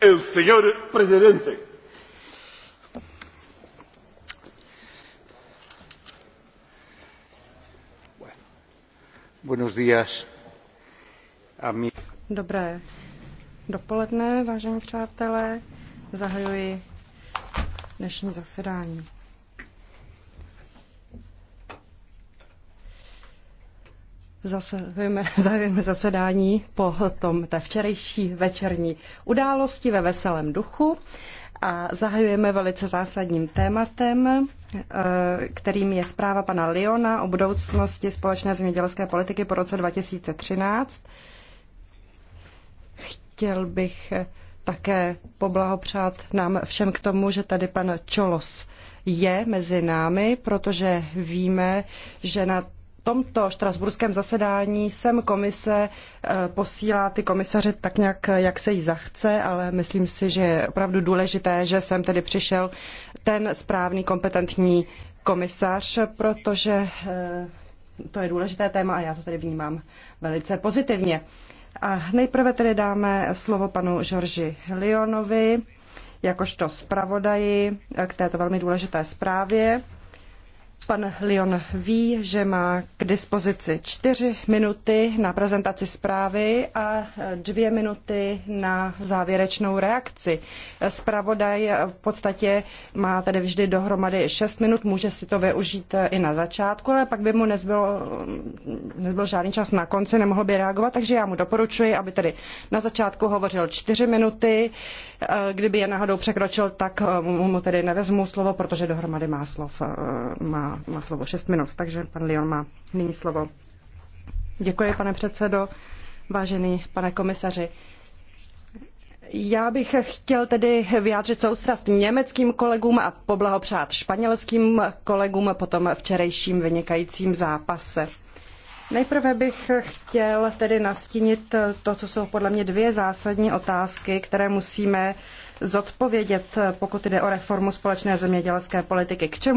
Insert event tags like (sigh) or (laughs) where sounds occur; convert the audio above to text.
El señor presidente. Buenos días. A mi... Dobré dopoledne, vážení přátelé. Zahajuji dnešní zasedání. Zasahujeme, (laughs) zahajujeme zasedání po tom té včerejší večerní události ve veselém duchu a zahajujeme velice zásadním tématem, eh, kterým je zpráva pana Liona o budoucnosti společné zemědělské politiky po roce 2013. Chtěl bych eh, také poblahopřát nám všem k tomu, že tady pan Čolos je mezi námi, protože víme, že na tomto štrasburském zasedání sem komise eh, posílá ty komisaře tak nějak, jak se jí zachce, ale myslím si, že je opravdu důležité, že sem tedy přišel ten správný kompetentní komisař, protože eh, to je důležité téma a já to tedy vnímám velice pozitivně. A nejprve tedy dáme slovo panu Žorži Lionovi, jakožto zpravodaji k této velmi důležité zprávě. Pan Leon ví, že má k dispozici čtyři minuty na prezentaci zprávy a dvě minuty na závěrečnou reakci. Zpravodaj v podstatě má tedy vždy dohromady šest minut, může si to využít i na začátku, ale pak by mu nezbylo, nezbyl žádný čas na konci, nemohl by reagovat, takže já mu doporučuji, aby tedy na začátku hovořil čtyři minuty, kdyby je náhodou překročil, tak mu tedy nevezmu slovo, protože dohromady má slov má má, slovo 6 minut, takže pan Leon má nyní slovo. Děkuji, pane předsedo, vážený pane komisaři. Já bych chtěl tedy vyjádřit soustrast německým kolegům a poblahopřát španělským kolegům po tom včerejším vynikajícím zápase. Nejprve bych chtěl tedy nastínit to, co jsou podle mě dvě zásadní otázky, které musíme zodpovědět, pokud jde o reformu společné zemědělské politiky. K čemu